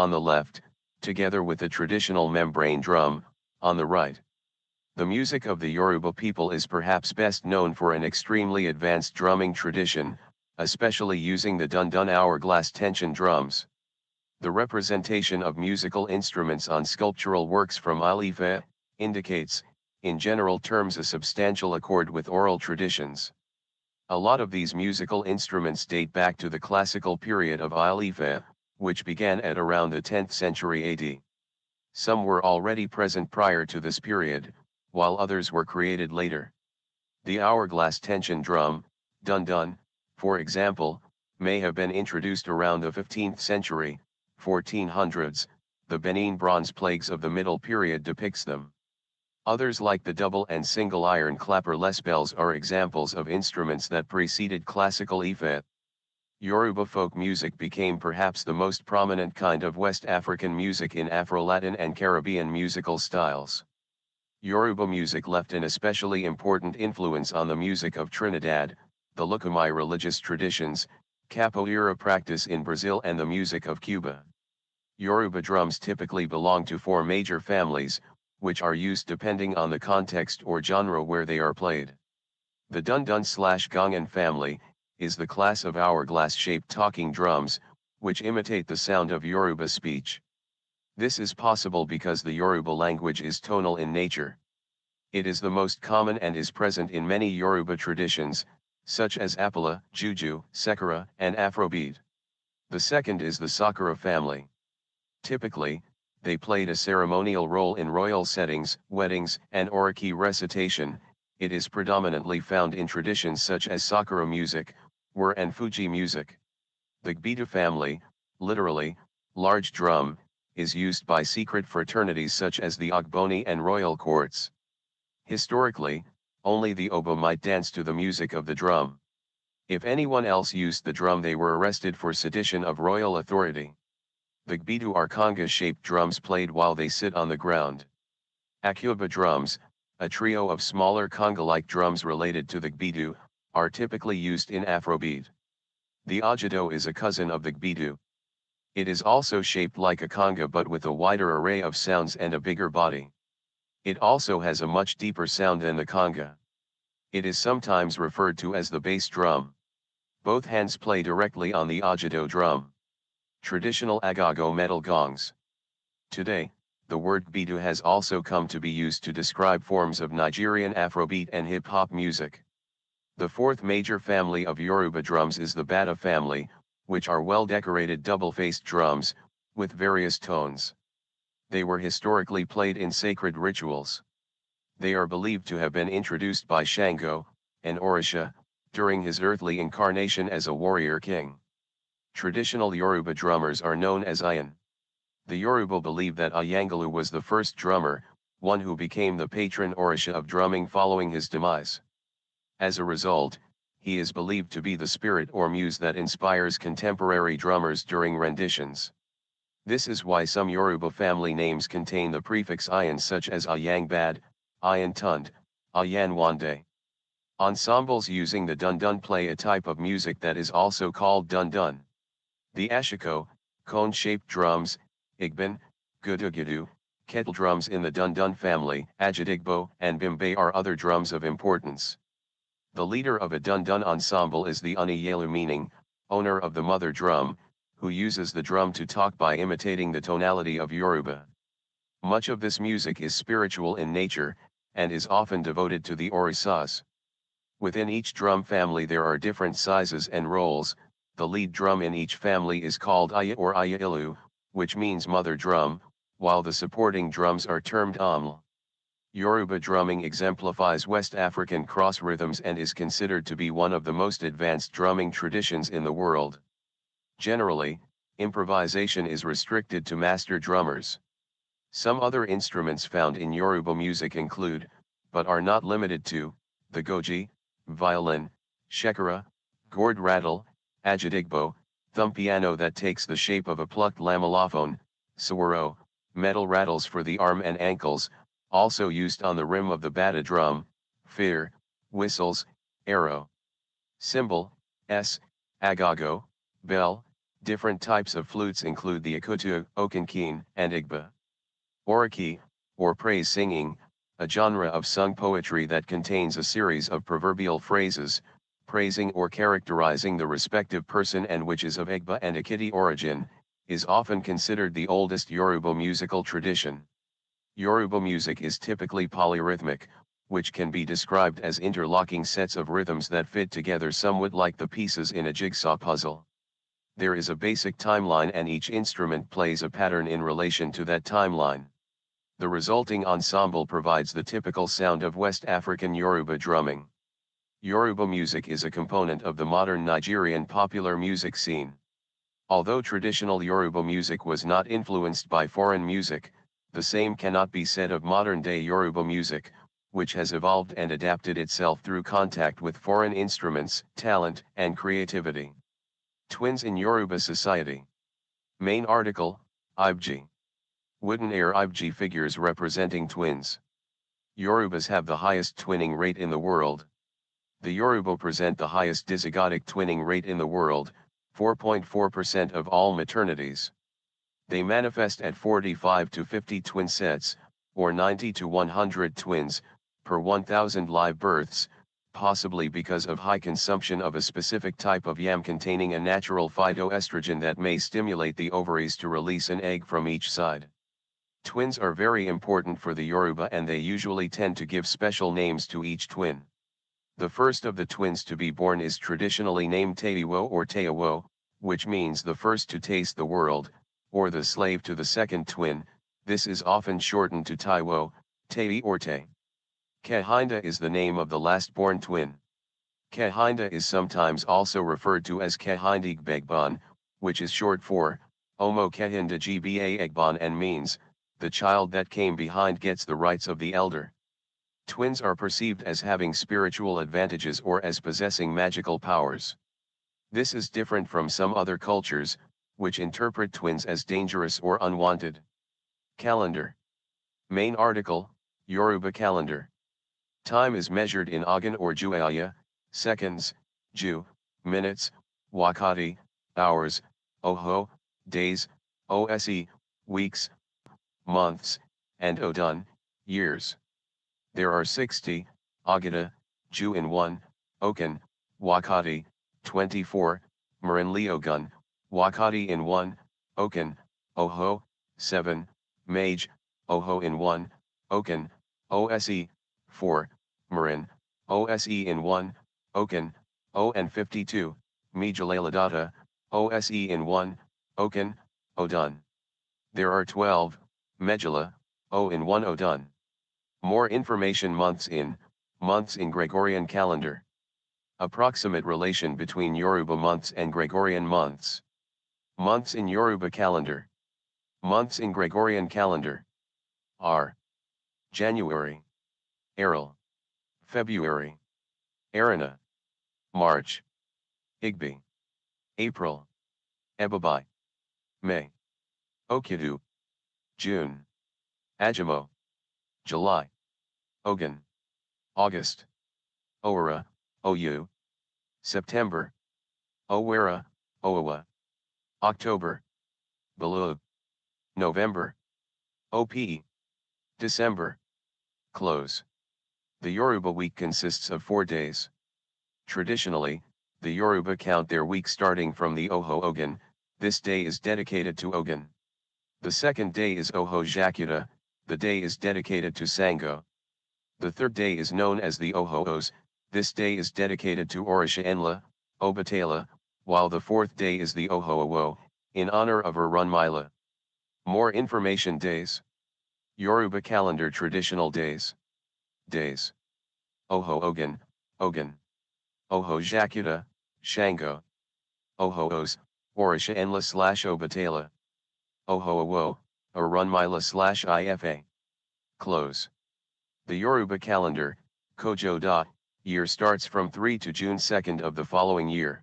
on the left, together with the traditional membrane drum, on the right. The music of the Yoruba people is perhaps best known for an extremely advanced drumming tradition, especially using the dun dun hourglass tension drums. The representation of musical instruments on sculptural works from Alifa indicates, in general terms a substantial accord with oral traditions. A lot of these musical instruments date back to the classical period of Alifa, which began at around the 10th century AD. Some were already present prior to this period, while others were created later. The hourglass tension drum, dun dun, for example, may have been introduced around the 15th century, 1400s, the Benin bronze plagues of the middle period depicts them. Others like the double and single iron clapper less bells are examples of instruments that preceded classical Ife. Yoruba folk music became perhaps the most prominent kind of West African music in Afro-Latin and Caribbean musical styles. Yoruba music left an especially important influence on the music of Trinidad, the Lukumai religious traditions, capoeira practice in Brazil and the music of Cuba. Yoruba drums typically belong to four major families, which are used depending on the context or genre where they are played. The dun dun slash Gongan family, is the class of hourglass-shaped talking drums, which imitate the sound of Yoruba speech. This is possible because the Yoruba language is tonal in nature. It is the most common and is present in many Yoruba traditions, such as Apala, Juju, Sekara, and Afrobeat. The second is the Sakara family. Typically, they played a ceremonial role in royal settings, weddings, and oriki recitation, it is predominantly found in traditions such as Sakara music, were and Fuji music. The Gbita family, literally, large drum, is used by secret fraternities such as the Ogboni and royal courts. Historically, only the oboe might dance to the music of the drum. If anyone else used the drum they were arrested for sedition of royal authority. The Gbidu are conga-shaped drums played while they sit on the ground. Akuba drums, a trio of smaller conga-like drums related to the Gbidu, are typically used in Afrobeat. The ogido is a cousin of the gbedu. It is also shaped like a conga but with a wider array of sounds and a bigger body. It also has a much deeper sound than the conga. It is sometimes referred to as the bass drum. Both hands play directly on the ogido drum. Traditional agago metal gongs. Today, the word gbedu has also come to be used to describe forms of Nigerian Afrobeat and hip-hop music. The fourth major family of Yoruba drums is the Bata family, which are well-decorated double-faced drums, with various tones. They were historically played in sacred rituals. They are believed to have been introduced by Shango, an Orisha, during his earthly incarnation as a warrior king. Traditional Yoruba drummers are known as Ayan. The Yoruba believe that Ayangalu was the first drummer, one who became the patron Orisha of drumming following his demise. As a result, he is believed to be the spirit or muse that inspires contemporary drummers during renditions. This is why some Yoruba family names contain the prefix ian such as Ayangbad, Ayan Ayanwande. Ensembles using the dun dun play a type of music that is also called dun dun. The ashiko, cone-shaped drums, igban, gudugudu, kettle drums in the dun dun family, ajidigbo and bimbe are other drums of importance. The leader of a Dun Dun ensemble is the Uniyelu meaning, owner of the mother drum, who uses the drum to talk by imitating the tonality of Yoruba. Much of this music is spiritual in nature, and is often devoted to the orisas. Within each drum family there are different sizes and roles, the lead drum in each family is called Aya or Aya Ilu, which means mother drum, while the supporting drums are termed Aml. Yoruba drumming exemplifies West African cross rhythms and is considered to be one of the most advanced drumming traditions in the world. Generally, improvisation is restricted to master drummers. Some other instruments found in Yoruba music include, but are not limited to, the goji, violin, shekara, gourd rattle, ajidigbo, thumb piano that takes the shape of a plucked lamellophone, sawaro, metal rattles for the arm and ankles, also used on the rim of the bata drum, fear, whistles, arrow, cymbal, s, agago, bell, different types of flutes include the akutu, okankin, and igba. Oraki, or praise singing, a genre of sung poetry that contains a series of proverbial phrases, praising or characterizing the respective person and which is of Igba and Akiti origin, is often considered the oldest Yoruba musical tradition. Yoruba music is typically polyrhythmic, which can be described as interlocking sets of rhythms that fit together somewhat like the pieces in a jigsaw puzzle. There is a basic timeline and each instrument plays a pattern in relation to that timeline. The resulting ensemble provides the typical sound of West African Yoruba drumming. Yoruba music is a component of the modern Nigerian popular music scene. Although traditional Yoruba music was not influenced by foreign music, the same cannot be said of modern-day Yoruba music, which has evolved and adapted itself through contact with foreign instruments, talent, and creativity. Twins in Yoruba Society Main article, Ibji. Wooden air Ibji figures representing twins. Yorubas have the highest twinning rate in the world. The Yoruba present the highest dizygotic twinning rate in the world, 4.4% of all maternities. They manifest at 45 to 50 twin sets, or 90 to 100 twins, per 1,000 live births, possibly because of high consumption of a specific type of yam containing a natural phytoestrogen that may stimulate the ovaries to release an egg from each side. Twins are very important for the Yoruba and they usually tend to give special names to each twin. The first of the twins to be born is traditionally named Teiwo or Teiwo, which means the first to taste the world, or the slave to the second twin, this is often shortened to Taiwo, Tei or Te. Kahinda is the name of the last born twin. Kahinda is sometimes also referred to as Kahindig Begban, which is short for, Omo Kahinda Gba Egban and means, the child that came behind gets the rights of the elder. Twins are perceived as having spiritual advantages or as possessing magical powers. This is different from some other cultures, which interpret twins as dangerous or unwanted. Calendar. Main article, Yoruba calendar. Time is measured in Agan or Juaya, seconds, Ju, minutes, Wakati, hours, Oho, days, OSE, weeks, months, and Odun, years. There are 60, Agata, Ju in 1, Okan, Wakati, 24, Leogun, Wakati in 1, oken Oho, 7, Mage, Oho in 1, oken OSE, 4, Marin, OSE in 1, oken ON52, Mijalaladata, OSE in 1, oken Odun. There are 12, Medulla, O in 1 Odun. More information months in, months in Gregorian calendar. Approximate relation between Yoruba months and Gregorian months. Months in Yoruba calendar. Months in Gregorian calendar. Are. January. Aril. February. Arana. March. Igby. April. Ebabai. May. Okidu. June. Ajimo. July. Ogun. August. Owera, OU. September. Owera, Owa. October. Below. November. OP. December. Close. The Yoruba week consists of four days. Traditionally, the Yoruba count their week starting from the Oho Ogun, this day is dedicated to Ogun. The second day is Oho Jakuta, the day is dedicated to Sango. The third day is known as the Os. this day is dedicated to Orisha Enla, Obatala, while the fourth day is the Ohoawo, in honor of Arunmila. More information days. Yoruba calendar traditional days. Days. Oho Ogun, Ogun. Oho Jakuta, Shango. Oho Os, Orisha Enla slash Obatala. Oho Awo, Arunmila slash IFA. Close. The Yoruba calendar, Kojo Da, year starts from 3 to June 2nd of the following year.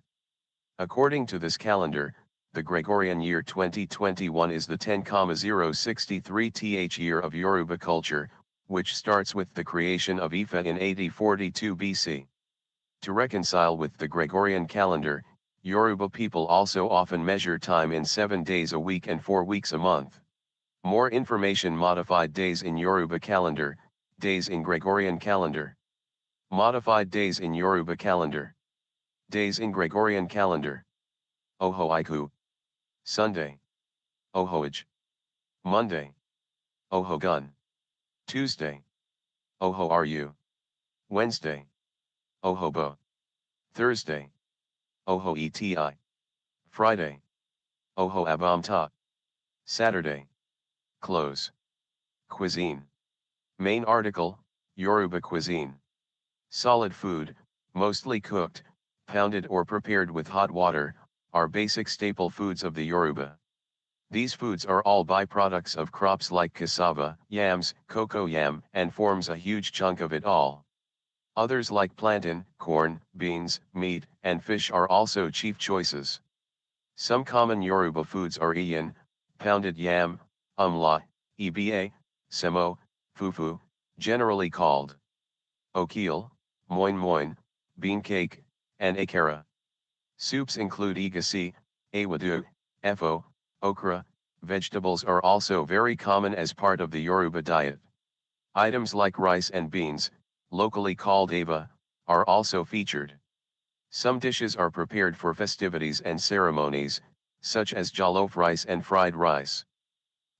According to this calendar, the Gregorian year 2021 is the 10,063th year of Yoruba culture, which starts with the creation of Ifa in 8042 BC. To reconcile with the Gregorian calendar, Yoruba people also often measure time in seven days a week and four weeks a month. More information Modified days in Yoruba calendar, days in Gregorian calendar. Modified days in Yoruba calendar. Days in Gregorian calendar. Ohoiku. Sunday. Ohoage. Monday. Ohogun. Tuesday. Oho You. Wednesday. Ohobo. Thursday. Ohoeti. Friday. Ohoabamta. Saturday. Close. Cuisine. Main article, Yoruba cuisine. Solid food, mostly cooked, pounded or prepared with hot water, are basic staple foods of the Yoruba. These foods are all byproducts of crops like cassava, yams, cocoa yam, and forms a huge chunk of it all. Others like plantain, corn, beans, meat, and fish are also chief choices. Some common Yoruba foods are iyan, pounded yam, umla, eba, semo, fufu, generally called okiel, moin moin, bean cake, and akara. Soups include igasi, awadu, efo, okra, vegetables are also very common as part of the Yoruba diet. Items like rice and beans, locally called ava, are also featured. Some dishes are prepared for festivities and ceremonies, such as jollof rice and fried rice.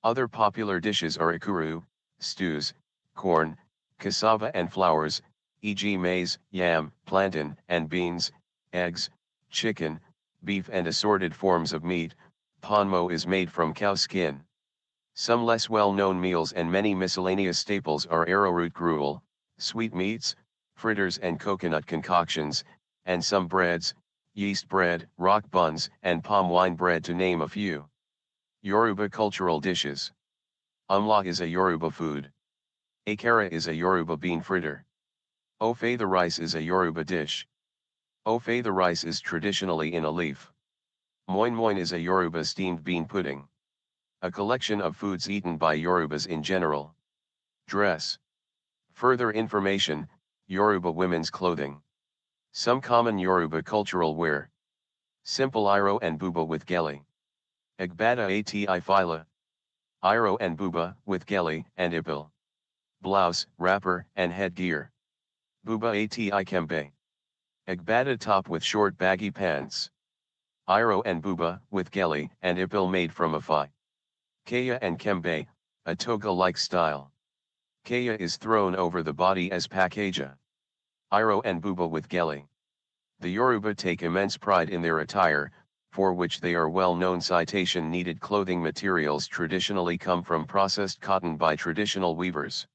Other popular dishes are ikuru, stews, corn, cassava and flowers, e.g. maize, yam, plantain, and beans, eggs, chicken, beef and assorted forms of meat, ponmo is made from cow skin. Some less well-known meals and many miscellaneous staples are arrowroot gruel, sweetmeats, fritters and coconut concoctions, and some breads, yeast bread, rock buns, and palm wine bread to name a few. Yoruba cultural dishes. Amla is a Yoruba food. Akara is a Yoruba bean fritter. Ofe the rice is a Yoruba dish. Ofe the rice is traditionally in a leaf. Moin moin is a Yoruba steamed bean pudding. A collection of foods eaten by Yorubas in general. Dress. Further information, Yoruba women's clothing. Some common Yoruba cultural wear. Simple Iro and Buba with Geli. Egbata ati Phila. Iro and Buba with Geli and Ipil. Blouse, wrapper, and headgear. Buba ati Kembe. Egbata top with short baggy pants. Iro and Buba, with geli and ipil made from afai. Kaya and Kembe, a toga-like style. Kaya is thrown over the body as pakaja. Iro and Buba with geli. The Yoruba take immense pride in their attire, for which they are well known citation needed clothing materials traditionally come from processed cotton by traditional weavers.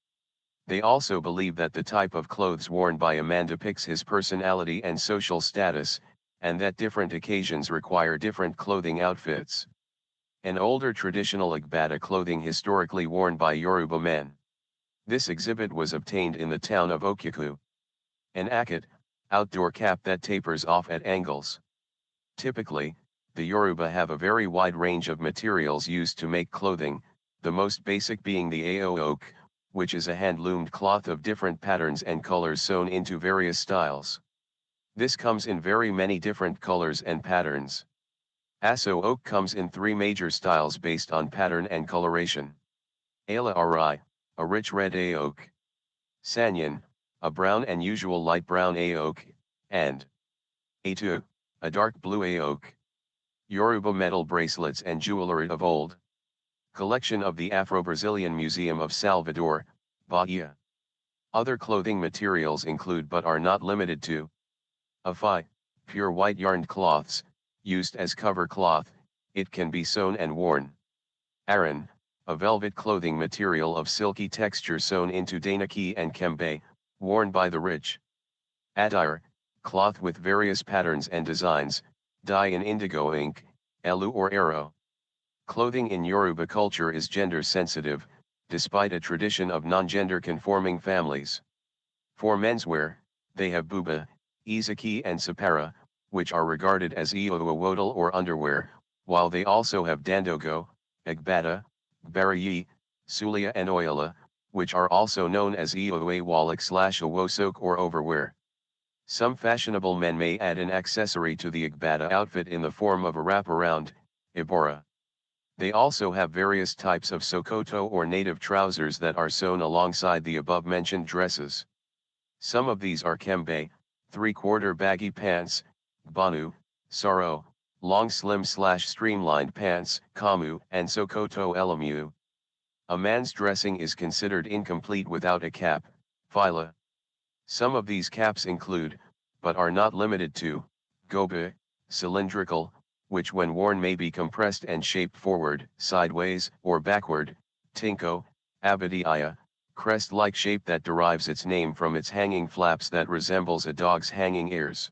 They also believe that the type of clothes worn by a man depicts his personality and social status, and that different occasions require different clothing outfits. An older traditional Agbada clothing historically worn by Yoruba men. This exhibit was obtained in the town of Okiku. An akit, outdoor cap that tapers off at angles. Typically, the Yoruba have a very wide range of materials used to make clothing, the most basic being the ao oak, which is a hand-loomed cloth of different patterns and colors sewn into various styles. This comes in very many different colors and patterns. Aso oak comes in three major styles based on pattern and coloration. Ala Arai, a rich red A oak. Sanyan, a brown and usual light brown A oak, and Atu, a dark blue A oak. Yoruba metal bracelets and jewelry of old, Collection of the Afro-Brazilian Museum of Salvador, Bahia. Other clothing materials include but are not limited to Afai, pure white yarned cloths, used as cover cloth, it can be sewn and worn. Aran, a velvet clothing material of silky texture sewn into danaki and kembe, worn by the rich. Attire, cloth with various patterns and designs, dye in indigo ink, elu or arrow. Clothing in Yoruba culture is gender sensitive, despite a tradition of non-gender conforming families. For menswear, they have buba, izaki and sapara, which are regarded as iowawodal or underwear, while they also have dandogo, egbata, barayi, sulia and oyala, which are also known as iowawalik slash awosok or overwear. Some fashionable men may add an accessory to the egbata outfit in the form of a wraparound, ibora. They also have various types of Sokoto or native trousers that are sewn alongside the above-mentioned dresses. Some of these are kembe, three-quarter baggy pants, banu, saro, long slim slash streamlined pants, kamu, and Sokoto elamu. A man's dressing is considered incomplete without a cap, phila. Some of these caps include, but are not limited to, gobe, cylindrical, which when worn may be compressed and shaped forward, sideways, or backward, Tinko, Abadiya, crest-like shape that derives its name from its hanging flaps that resembles a dog's hanging ears.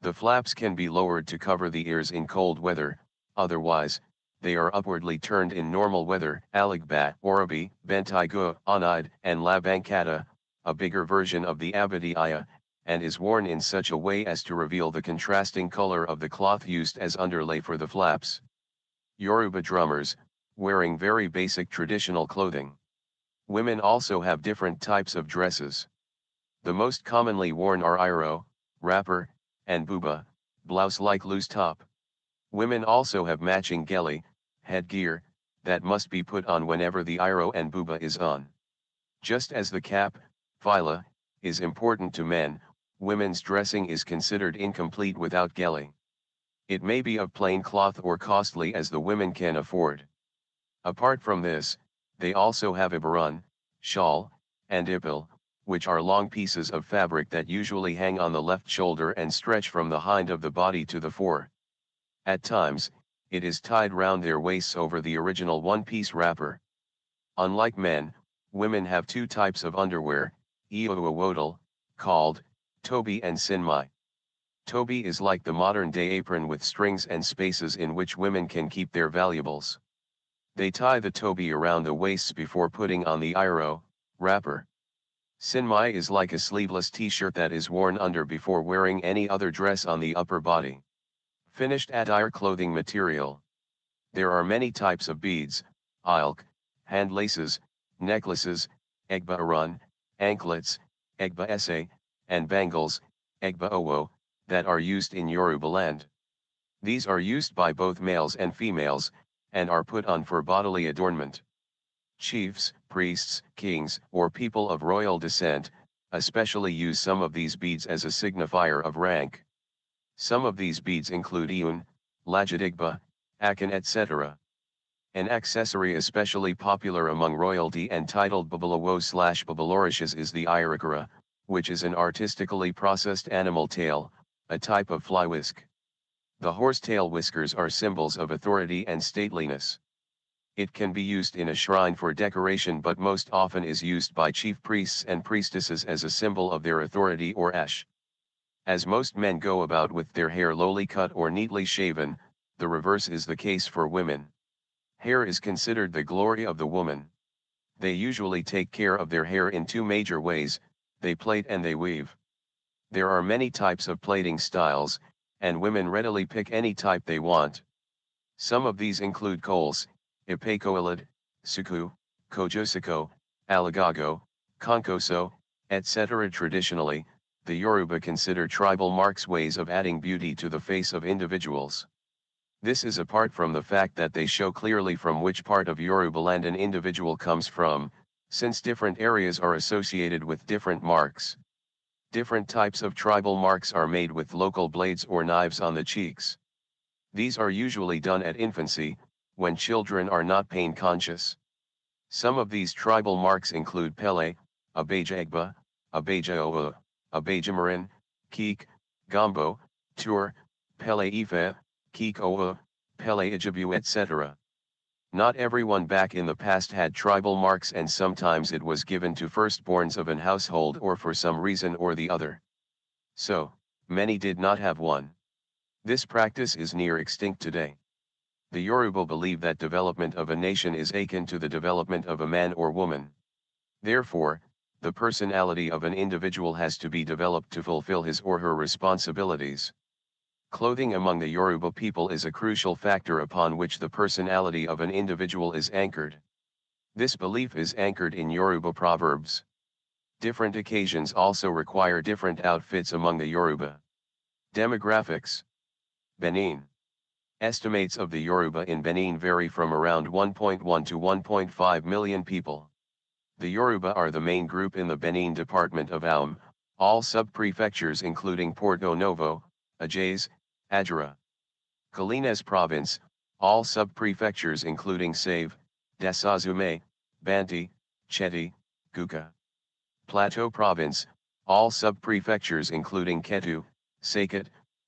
The flaps can be lowered to cover the ears in cold weather, otherwise, they are upwardly turned in normal weather, Aligbat, Orabi, Bentigu, anaid, and Labankata, a bigger version of the Abadiya, and is worn in such a way as to reveal the contrasting color of the cloth used as underlay for the flaps. Yoruba drummers, wearing very basic traditional clothing. Women also have different types of dresses. The most commonly worn are iro, wrapper, and buba, blouse-like loose top. Women also have matching geli, headgear, that must be put on whenever the iro and buba is on. Just as the cap, vila, is important to men, women's dressing is considered incomplete without gelli. It may be of plain cloth or costly as the women can afford. Apart from this, they also have ibaran, shawl, and ipil, which are long pieces of fabric that usually hang on the left shoulder and stretch from the hind of the body to the fore. At times, it is tied round their waists over the original one-piece wrapper. Unlike men, women have two types of underwear, eowawodal, called Toby and Sinmai. Toby is like the modern-day apron with strings and spaces in which women can keep their valuables. They tie the toby around the waists before putting on the iro, wrapper. Sinmai is like a sleeveless t-shirt that is worn under before wearing any other dress on the upper body. Finished attire clothing material. There are many types of beads, ilk, hand laces, necklaces, egba run, anklets, egba essay, and bangles, egbaowo, that are used in Yoruba land. These are used by both males and females, and are put on for bodily adornment. Chiefs, priests, kings, or people of royal descent, especially use some of these beads as a signifier of rank. Some of these beads include iun, Lajadigba, Akan etc. An accessory especially popular among royalty and titled babalawo slash babalorishes is the Irakara, which is an artistically processed animal tail, a type of fly whisk. The horsetail whiskers are symbols of authority and stateliness. It can be used in a shrine for decoration but most often is used by chief priests and priestesses as a symbol of their authority or ash. As most men go about with their hair lowly cut or neatly shaven, the reverse is the case for women. Hair is considered the glory of the woman. They usually take care of their hair in two major ways, they plait and they weave. There are many types of plaiting styles, and women readily pick any type they want. Some of these include coals, ipecoelid, suku, kojosiko, aligago, concoso, etc. Traditionally, the Yoruba consider tribal marks ways of adding beauty to the face of individuals. This is apart from the fact that they show clearly from which part of Yoruba land an individual comes from, since different areas are associated with different marks. Different types of tribal marks are made with local blades or knives on the cheeks. These are usually done at infancy, when children are not pain conscious. Some of these tribal marks include Pele, Abejagba, Abejaoa, Abejamarin, Keek, Gombo, Tur, Pele Ifa, Keek Oa, Pele etc. Not everyone back in the past had tribal marks and sometimes it was given to firstborns of an household or for some reason or the other. So, many did not have one. This practice is near extinct today. The Yoruba believe that development of a nation is akin to the development of a man or woman. Therefore, the personality of an individual has to be developed to fulfill his or her responsibilities. Clothing among the Yoruba people is a crucial factor upon which the personality of an individual is anchored. This belief is anchored in Yoruba proverbs. Different occasions also require different outfits among the Yoruba. Demographics Benin Estimates of the Yoruba in Benin vary from around 1.1 to 1.5 million people. The Yoruba are the main group in the Benin department of Aum, all sub-prefectures including Porto Novo, Ajays, Ajara. Kalinas province, all sub-prefectures including Save, Dasazume, Banti, Cheti, Guka. Plateau province, all sub-prefectures including Ketu, Sekit,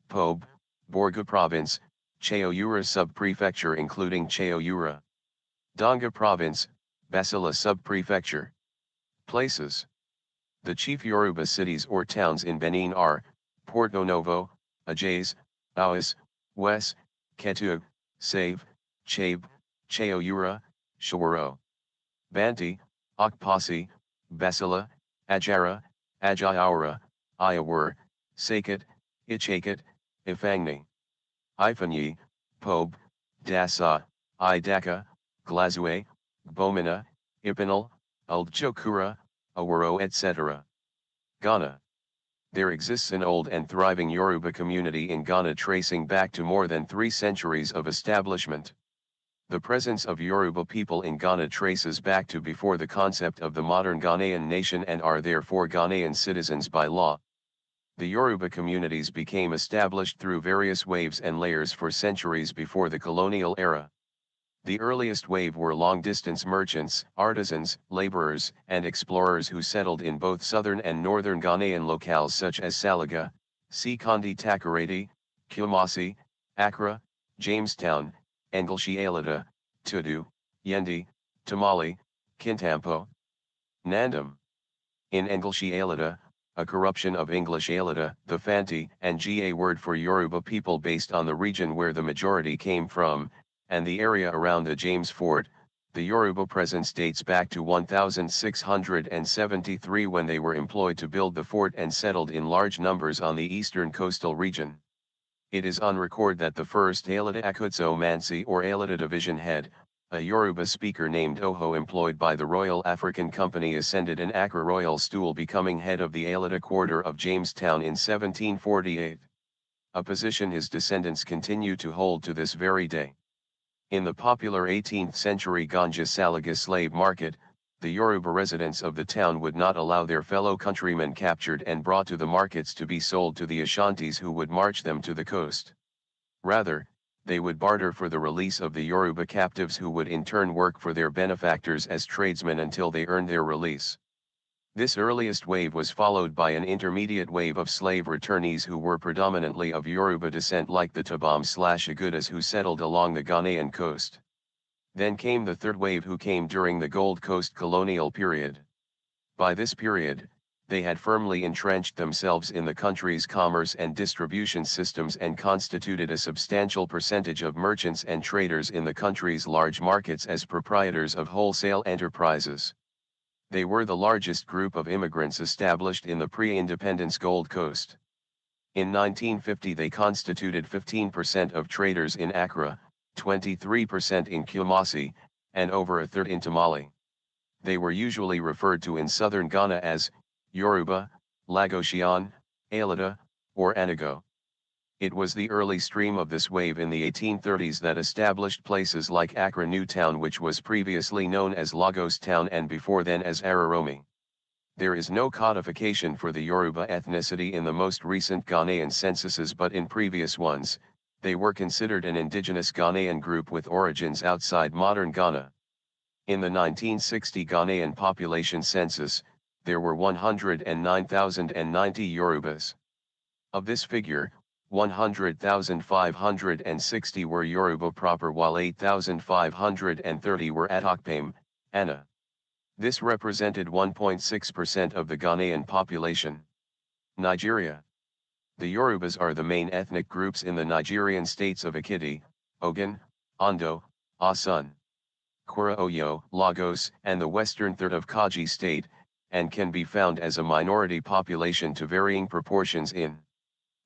Pobe, Borgu province, Cheoyura sub-prefecture including Cheoyura. Donga province, Basila sub-prefecture. Places. The chief Yoruba cities or towns in Benin are, Porto Novo, Ajays, uh, Awas, Wes, Ketug, Save, Chabe, Chaoura, Shawaro. Banti, Akpasi, Basila, Ajara, Ajayaura, Iawur, Sakit, Ichakit, Ifangni. Ifanyi, Pobe, Dasa, Idaka, Glazue, Bomina, Ipinal, Uldchokura, Awaro etc. Ghana there exists an old and thriving Yoruba community in Ghana tracing back to more than three centuries of establishment. The presence of Yoruba people in Ghana traces back to before the concept of the modern Ghanaian nation and are therefore Ghanaian citizens by law. The Yoruba communities became established through various waves and layers for centuries before the colonial era. The earliest wave were long-distance merchants, artisans, laborers, and explorers who settled in both southern and northern Ghanaian locales such as Salaga, Sekondi Takoradi, Kumasi, Accra, Jamestown, Engelshi Alida, Tudu, Yendi, Tamale, Kintampo, Nandam. In Engelshi Alida, a corruption of English Alida, the Fanti, and Ga word for Yoruba people based on the region where the majority came from, and the area around the James Fort, the Yoruba presence dates back to 1673 when they were employed to build the fort and settled in large numbers on the eastern coastal region. It is on record that the first Aelita Akutso Mansi or Aelita division head, a Yoruba speaker named Oho employed by the Royal African Company ascended an Accra royal stool becoming head of the Aelita quarter of Jamestown in 1748. A position his descendants continue to hold to this very day. In the popular 18th century Ganja Salaga slave market, the Yoruba residents of the town would not allow their fellow countrymen captured and brought to the markets to be sold to the Ashantis who would march them to the coast. Rather, they would barter for the release of the Yoruba captives who would in turn work for their benefactors as tradesmen until they earned their release. This earliest wave was followed by an intermediate wave of slave returnees who were predominantly of Yoruba descent like the Tabam slash Agudas who settled along the Ghanaian coast. Then came the third wave who came during the Gold Coast colonial period. By this period, they had firmly entrenched themselves in the country's commerce and distribution systems and constituted a substantial percentage of merchants and traders in the country's large markets as proprietors of wholesale enterprises they were the largest group of immigrants established in the pre-independence Gold Coast. In 1950 they constituted 15% of traders in Accra, 23% in Kumasi, and over a third in Tamale. They were usually referred to in southern Ghana as Yoruba, Lagosian, Alida, or Anago. It was the early stream of this wave in the 1830s that established places like Accra Newtown which was previously known as Lagos Town and before then as Araromi. There is no codification for the Yoruba ethnicity in the most recent Ghanaian censuses but in previous ones, they were considered an indigenous Ghanaian group with origins outside modern Ghana. In the 1960 Ghanaian population census, there were 109,090 Yorubas. Of this figure, 100,560 were Yoruba proper while 8,530 were Atokpame, Ana. This represented 1.6% of the Ghanaian population. Nigeria. The Yorubas are the main ethnic groups in the Nigerian states of Akiti, Ogun, Ondo, Asun, Kwara Oyo, Lagos, and the western third of Kaji state, and can be found as a minority population to varying proportions in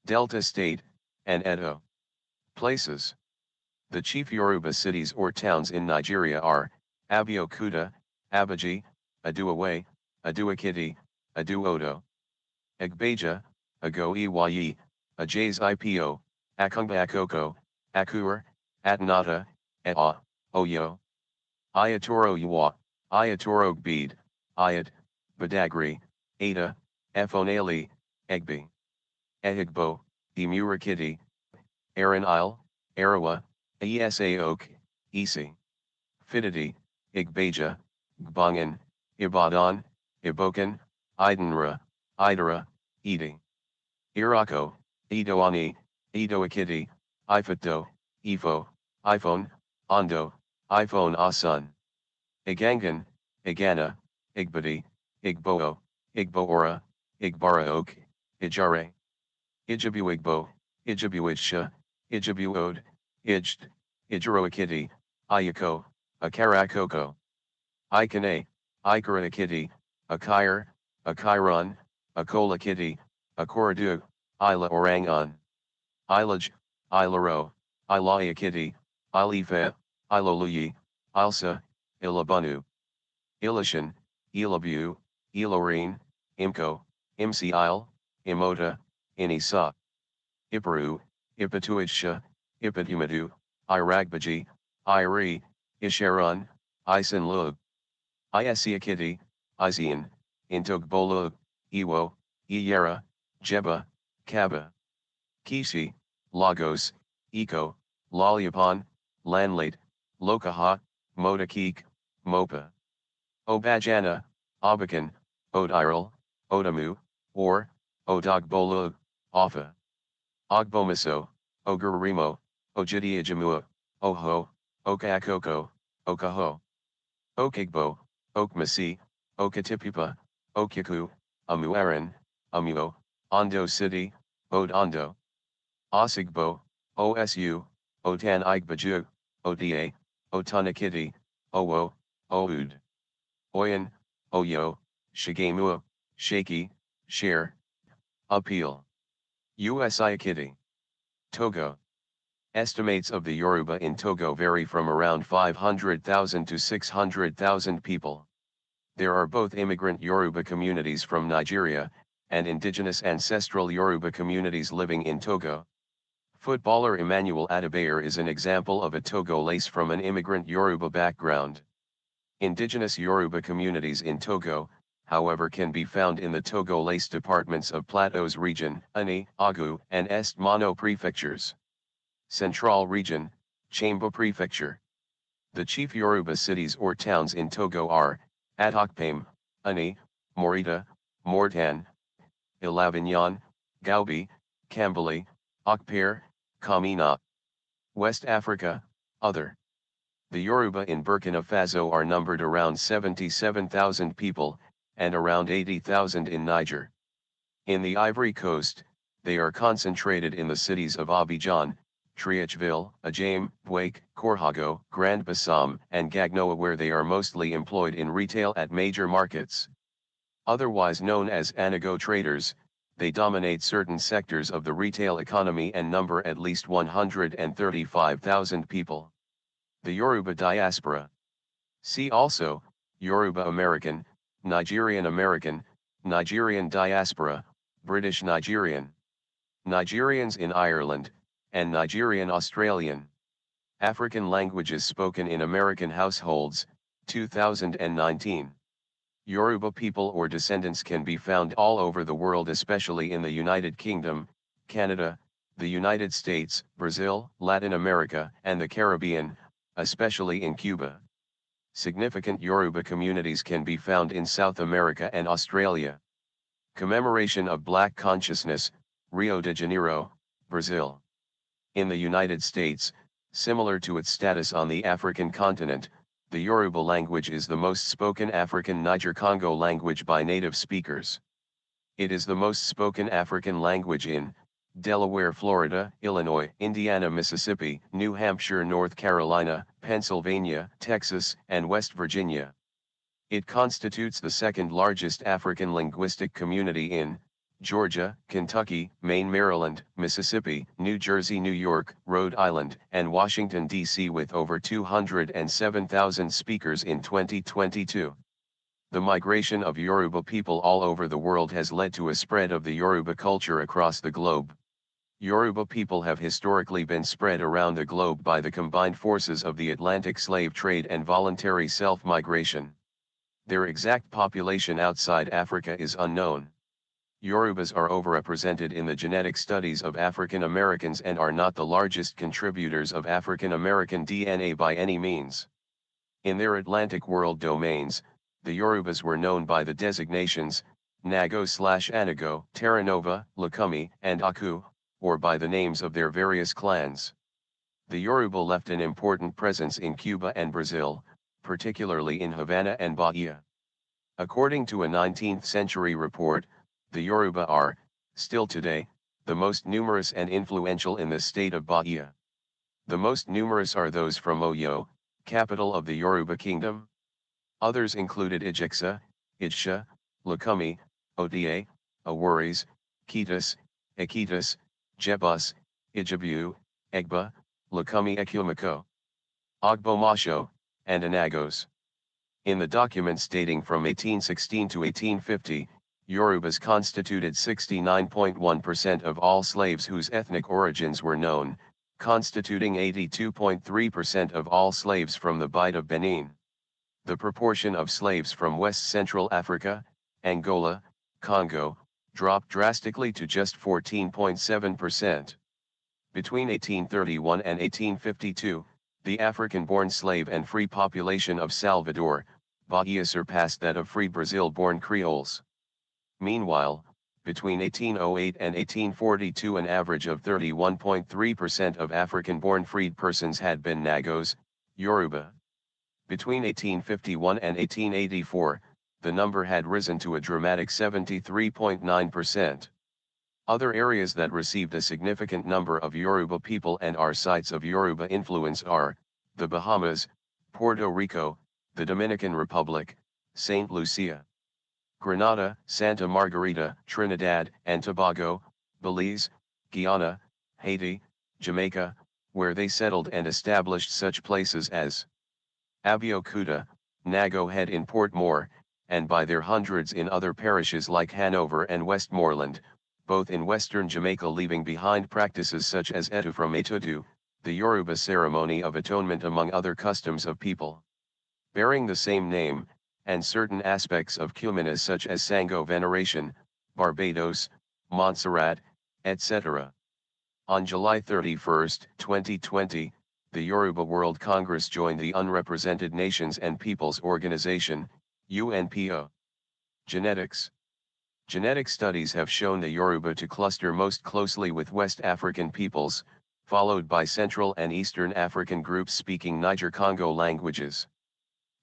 Delta State, and Edo. Places The chief Yoruba cities or towns in Nigeria are, Abeokuta, Abaji, Aduawe, Aduakiti, Aduodo. Agbaja, Agoiwayi, Ajays Ipo, Akungba Akoko, Akur, Atanata, Aa, Oyo. Ayatoro Yawa, Ayatorog Bede, Ayat, Badagri, Ada, Fonali, Egbi. Ehigbo, Emurakiti, Aran Isle, Arawa, Oak, Isi. Fididi, Igbaja, Gbangan, Ibadan, Ibokan, Idenra, Idara, Edi. Irako, Idoani, Idoakiti, Ifito, Ifo, iPhone, Ondo, iPhone Asun. Igangan, Igana, Igbadi, Igboo, Igboora, Igbaraok, Ijare. Ijibuigbo, Ijibuitsha, Ijibuode, Ijd, Ijiroakiti, Ayako, Akarakoko. Ikane, Ikaranakiti, Akair, Akairon, Akolakiti, Akoradu, Ila Orangon. Ilaj, Ilaro, Ilaiakiti, Ilifa, Iloluyi, Ilsa, Ilabunu. Ilishan, Ilabu, Ilorine, Imco, Imsi Imota, Inisa, Iparu, Ipatuisha, Ipatumadu, Iragbaji, Iri, Isharun, Isinlug, Isiakiti, Isian, Intogbolug, Iwo, Iyera, Jeba, Kaba, Kishi, Lagos, Eco, Laliapan, Lanlate, Lokaha, Modakeke, Mopa. Obajana, Abakan, Odiral, Odamu, or, Odogbolug. Alpha. Ogbomiso, Ogurimo, Ojidiajamua, Oho, Okaakoko, Okaho. Okigbo, Okmasi, Okatipipa, Okiku, Amuaran, Amuo, Ondo City, Odondo. Osigbo, OSU, Otan Igbaju, ODA, Otanakiti, Owo, Oud. Oyan, Oyo, Shigemua, Shaky, Share. Appeal. USI Kitty. Togo. Estimates of the Yoruba in Togo vary from around 500,000 to 600,000 people. There are both immigrant Yoruba communities from Nigeria, and indigenous ancestral Yoruba communities living in Togo. Footballer Emmanuel Adebayor is an example of a Togolese from an immigrant Yoruba background. Indigenous Yoruba communities in Togo, however can be found in the Togolese departments of Plateau's region, Ani, Agu, and Est Mono prefectures. Central region, Chamba prefecture. The chief Yoruba cities or towns in Togo are, Atokpame, Ani, Morita, Mortan, Ilavignon, Gaubi, Kambali, Akpere, Kamina. West Africa, Other. The Yoruba in Burkina Faso are numbered around 77,000 people, and around 80,000 in Niger. In the Ivory Coast, they are concentrated in the cities of Abidjan, Triacheville, Ajame, Bouake, Korhago, Grand Bassam, and Gagnoa where they are mostly employed in retail at major markets. Otherwise known as Anago traders, they dominate certain sectors of the retail economy and number at least 135,000 people. The Yoruba diaspora. See also, Yoruba American, Nigerian American, Nigerian diaspora, British Nigerian, Nigerians in Ireland, and Nigerian Australian. African languages spoken in American households, 2019. Yoruba people or descendants can be found all over the world especially in the United Kingdom, Canada, the United States, Brazil, Latin America and the Caribbean, especially in Cuba significant Yoruba communities can be found in South America and Australia. Commemoration of Black Consciousness, Rio de Janeiro, Brazil. In the United States, similar to its status on the African continent, the Yoruba language is the most spoken African Niger-Congo language by native speakers. It is the most spoken African language in, Delaware, Florida, Illinois, Indiana, Mississippi, New Hampshire, North Carolina, Pennsylvania, Texas, and West Virginia. It constitutes the second largest African linguistic community in Georgia, Kentucky, Maine, Maryland, Mississippi, New Jersey, New York, Rhode Island, and Washington, D.C., with over 207,000 speakers in 2022. The migration of Yoruba people all over the world has led to a spread of the Yoruba culture across the globe. Yoruba people have historically been spread around the globe by the combined forces of the Atlantic slave trade and voluntary self-migration. Their exact population outside Africa is unknown. Yorubas are overrepresented in the genetic studies of African Americans and are not the largest contributors of African American DNA by any means. In their Atlantic world domains, the Yorubas were known by the designations, Nago slash Anago, Terranova, Lakumi, and Aku, or by the names of their various clans. The Yoruba left an important presence in Cuba and Brazil, particularly in Havana and Bahia. According to a 19th century report, the Yoruba are, still today, the most numerous and influential in the state of Bahia. The most numerous are those from Oyo, capital of the Yoruba kingdom. Others included Ijixa, Ijsha, Lokumi, Oda, Awaris, Kitas, Akitas, Jebus, Ijabu, Egba, Lakumi Ekumako, Ogbomasho, and Anagos. In the documents dating from 1816 to 1850, Yorubas constituted 69.1% of all slaves whose ethnic origins were known, constituting 82.3% of all slaves from the Bight of Benin. The proportion of slaves from West Central Africa, Angola, Congo, dropped drastically to just 14.7%. Between 1831 and 1852, the African-born slave and free population of Salvador, Bahia surpassed that of free Brazil-born Creoles. Meanwhile, between 1808 and 1842 an average of 31.3% of African-born freed persons had been Nagos, Yoruba. Between 1851 and 1884, the number had risen to a dramatic 73.9%. Other areas that received a significant number of Yoruba people and are sites of Yoruba influence are, the Bahamas, Puerto Rico, the Dominican Republic, St. Lucia, Grenada, Santa Margarita, Trinidad and Tobago, Belize, Guyana, Haiti, Jamaica, where they settled and established such places as Abeokuta, Nago Head in Port Moore, and by their hundreds in other parishes like Hanover and Westmoreland, both in western Jamaica leaving behind practices such as etu from etudu, the Yoruba ceremony of atonement among other customs of people. Bearing the same name, and certain aspects of Cumana such as Sango veneration, Barbados, Montserrat, etc. On July 31, 2020, the Yoruba World Congress joined the Unrepresented Nations and Peoples Organization, UNPO. Genetics. Genetic studies have shown the Yoruba to cluster most closely with West African peoples, followed by Central and Eastern African groups speaking Niger-Congo languages.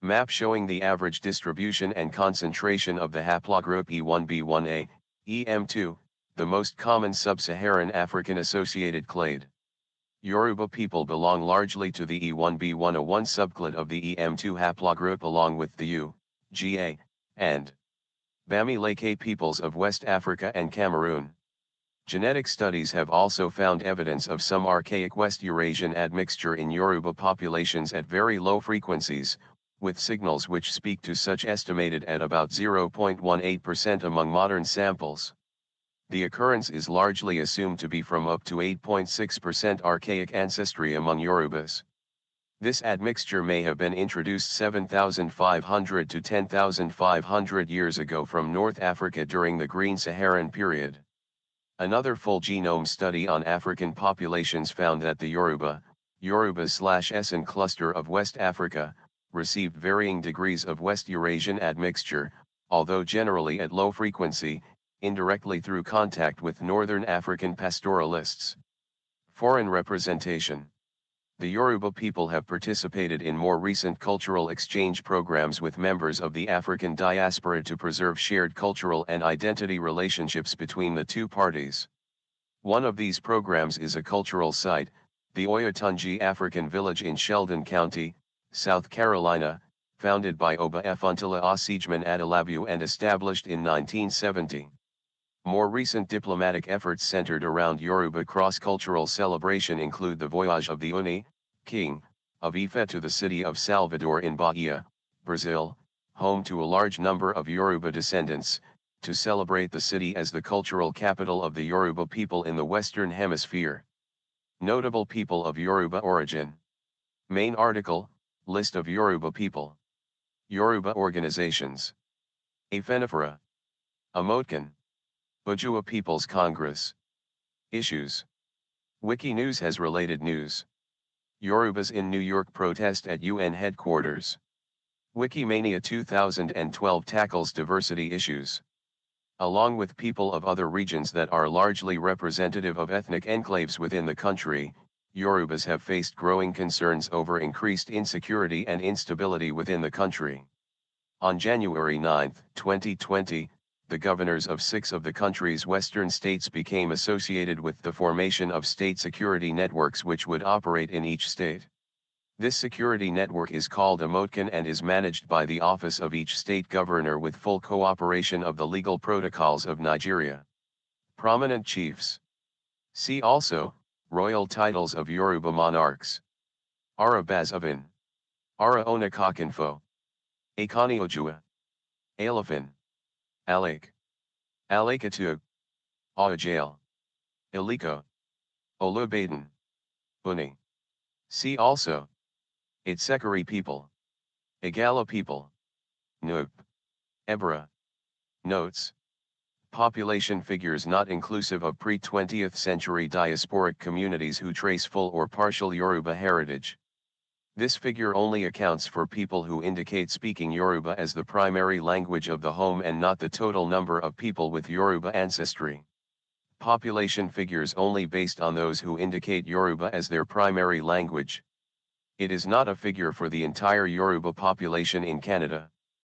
Map showing the average distribution and concentration of the haplogroup E1B1A, EM2, the most common sub-Saharan African-associated clade. Yoruba people belong largely to the E1B1A1 subclade of the EM2 haplogroup along with the U, GA, and Bamileke peoples of West Africa and Cameroon. Genetic studies have also found evidence of some archaic West Eurasian admixture in Yoruba populations at very low frequencies, with signals which speak to such estimated at about 0.18% among modern samples. The occurrence is largely assumed to be from up to 8.6% archaic ancestry among Yorubas. This admixture may have been introduced 7,500 to 10,500 years ago from North Africa during the Green Saharan period. Another full genome study on African populations found that the Yoruba, Yoruba slash Essen cluster of West Africa, received varying degrees of West Eurasian admixture, although generally at low frequency, indirectly through contact with Northern African pastoralists. Foreign representation the Yoruba people have participated in more recent cultural exchange programs with members of the African diaspora to preserve shared cultural and identity relationships between the two parties. One of these programs is a cultural site, the Oyotunji African Village in Sheldon County, South Carolina, founded by Oba Efuntila Osijman Adelabu and established in 1970. More recent diplomatic efforts centered around Yoruba cross-cultural celebration include the voyage of the Uni, King, of Ife to the city of Salvador in Bahia, Brazil, home to a large number of Yoruba descendants, to celebrate the city as the cultural capital of the Yoruba people in the Western Hemisphere. Notable people of Yoruba origin. Main article, List of Yoruba people. Yoruba organizations. Afenifera. Amotkin. Bajua People's Congress. Issues. Wikinews has related news. Yorubas in New York protest at UN headquarters. Wikimania 2012 tackles diversity issues. Along with people of other regions that are largely representative of ethnic enclaves within the country, Yorubas have faced growing concerns over increased insecurity and instability within the country. On January 9, 2020, the governors of six of the country's western states became associated with the formation of state security networks which would operate in each state. This security network is called a Motkin and is managed by the office of each state governor with full cooperation of the legal protocols of Nigeria. Prominent chiefs. See also, royal titles of Yoruba monarchs. Ara Bazovin. Ara Onakakinfo. Akani Ojua. Alafin. Alake. Alakatug. Autajale. Iliko. Olubaden. Buni. See also. Itsekari people. Igala people. Noop. Ebra. Notes. Population figures not inclusive of pre-20th century diasporic communities who trace full or partial Yoruba heritage. This figure only accounts for people who indicate speaking Yoruba as the primary language of the home and not the total number of people with Yoruba ancestry. Population figures only based on those who indicate Yoruba as their primary language. It is not a figure for the entire Yoruba population in Canada.